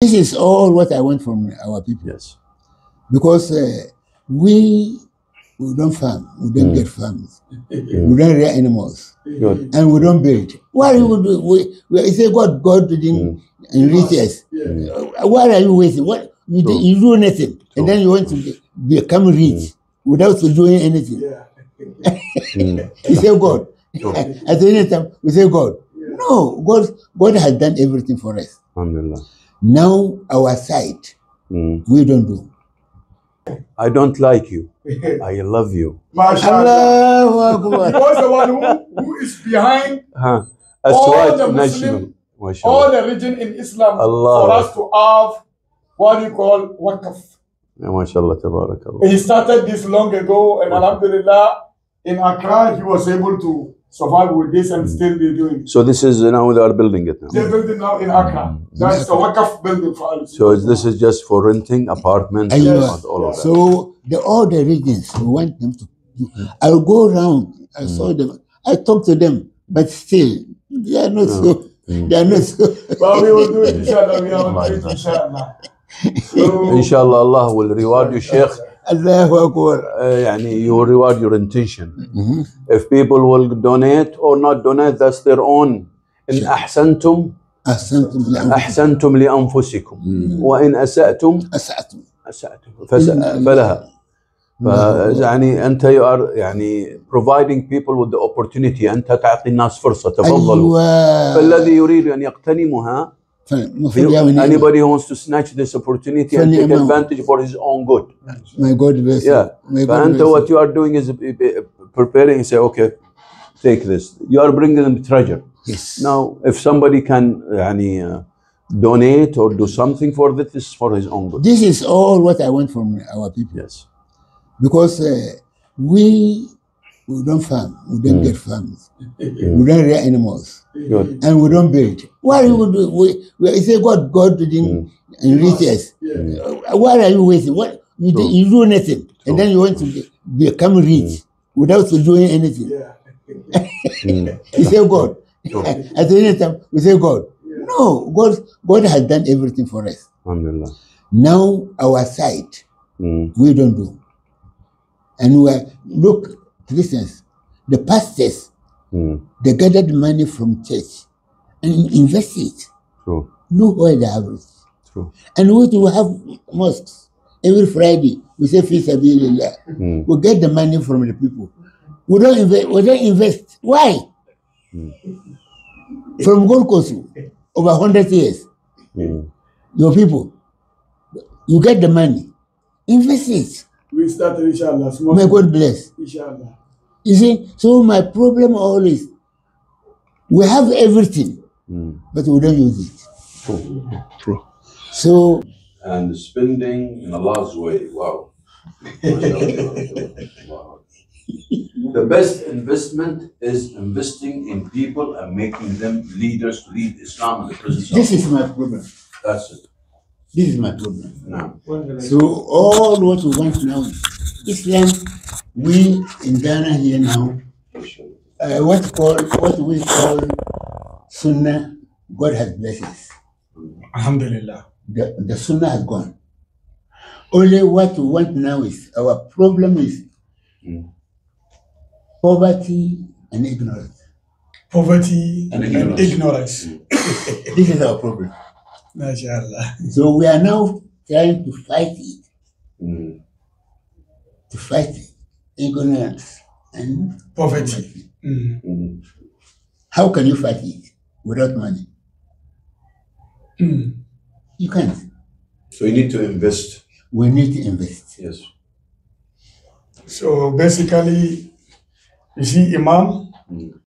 This is all what I want from our people. Yes. Because uh, we, we don't farm, we don't mm. get farms, mm. we don't rear animals, Good. and we don't build. Why mm. would we, we, we say God, God didn't mm. enrich us? Yeah. Mm. Uh, why are you wasting? What you, do, you do nothing, True. and then you want to become rich mm. without doing anything. Yeah. you mm. say God. At any time, we say God. Yeah. No, God, God has done everything for us. Alhamdulillah. Now our side, mm. we don't do. I don't like you. I love you. Mashallah. he was the one who, who is behind huh. all the Muslim, Mashallah. all the religion in Islam Allah. for us to have what you call waqf. MashaAllah, tabarakallah. He started this long ago and alhamdulillah, in Accra he was able to survive with this and mm. still be doing it. So this is now they are building it now. They're building now in Accra. Mm. That's the Wakaf building for Al So this is just for renting apartments and yes. all of that. So the, all the regions we want them to. I'll go around. I mm. saw them. I talked to them, but still they are not mm. so. Mm. They are not so. but we will do it, inshallah. We are on inshallah. So, inshallah, Allah will reward you, Sheikh. الله اكبر آه، يعني يو ريورد يور انتشن اف بيبل ويل دونيت اور نوت دونيت ذاتس ذير اون ان احسنتم احسنتم لانفسكم, أحسنتم لأنفسكم. وان اساتم اساتم اساتم فلها يعني انت يو ار يعني بروفايدنج بيبل وذ ذا اوبورتونيتي انت تعطي الناس فرصه تفضلوا أيوة. فالذي يريد ان يغتنمها Anybody who wants to snatch this opportunity and take advantage for his own good. My God bless yeah. you. what you are doing is uh, uh, preparing and say, okay, take this. You are bringing them treasure. Yes. Now, if somebody can any uh, donate or do something for this, this for his own good. This is all what I want from our people. Yes. Because uh, we we don't farm, we don't mm. get farms, mm. we don't rear animals, good. and we don't build. Why are would we? We say God, God didn't mm. reach us. Yeah. Why are you waiting? What you, so, you do nothing, so, and then you want to become rich mm. without doing anything. Yeah. Mm. you say God. At any time, we say God. Yeah. No, God, God has done everything for us. Alhamdulillah. Now our side, mm. we don't do, and we look Christians, the pastors, mm. they gathered money from church and invest it. True. Look where the average. True. And we do have mosques every Friday. We say fi sabilillah. Mm. We get the money from the people. We don't invest. We don't invest. Why? Mm. From Gold Coast, over hundred years, mm. your people, you get the money, invest it. We start inshallah. Small May God bless. Inshallah. You see, so my problem always, we have everything. Mm. But we don't use it. True. True. So. And spending in Allah's way. Wow. wow. The best investment is investing in people and making them leaders to lead Islam in the This is my problem. That's it. This is my problem. Now, So all what we want now, Islam, we in Ghana here now, uh, what call what we call Sunnah, God has blessed us. Alhamdulillah. The, the Sunnah has gone. Only what we want now is our problem is mm. poverty and ignorance. Poverty and, and ignorance. ignorance. Hmm. this is our problem. MashaAllah. So we are now trying to fight it. Mm. To fight ignorance and poverty. poverty. Mm. How can you fight it? without money. Mm. You can't. So you need to invest. We need to invest. Yes. So basically, you see, Imam, mm.